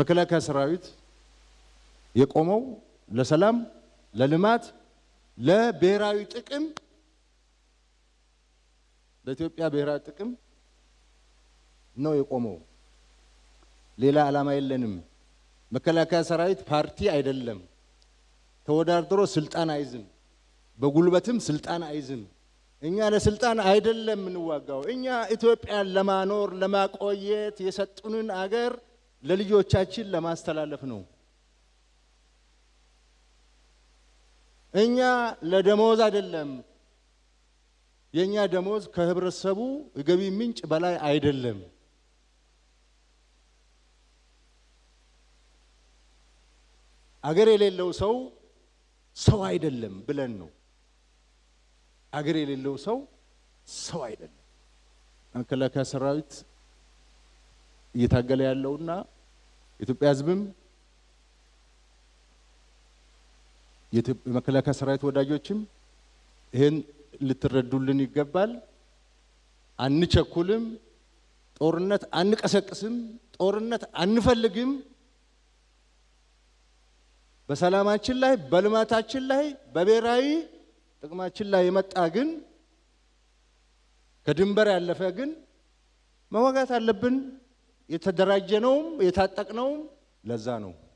መከላከያ ሰራዊት የቆመው ለሰላም፣ ለልማት፣ ለብሔራዊ ጥቅም ለኢትዮጵያ ብሔራዊ ጥቅም ነው የቆመው። ሌላ ዓላማ የለንም። መከላከያ ሰራዊት ፓርቲ አይደለም። ተወዳድሮ ስልጣን አይዝም፣ በጉልበትም ስልጣን አይዝም። እኛ ለስልጣን አይደለም የምንዋጋው። እኛ ኢትዮጵያን ለማኖር ለማቆየት የሰጡንን አገር ለልጆቻችን ለማስተላለፍ ነው። እኛ ለደሞዝ አይደለም። የእኛ ደሞዝ ከህብረተሰቡ የገቢ ምንጭ በላይ አይደለም። አገር የሌለው ሰው ሰው አይደለም ብለን ነው። አገር የሌለው ሰው ሰው አይደለም። መከላከያ ሰራዊት እየታገለ ያለውና የኢትዮጵያ ህዝብም የመከላከያ ሰራዊት ወዳጆችም ይህን ልትረዱልን ይገባል። አንቸኩልም። ጦርነት አንቀሰቅስም። ጦርነት አንፈልግም። በሰላማችን ላይ በልማታችን ላይ በብሔራዊ ጥቅማችን ላይ የመጣ ግን ከድንበር ያለፈ ግን መዋጋት አለብን። የተደራጀነውም የታጠቅነውም ለዛ ነው።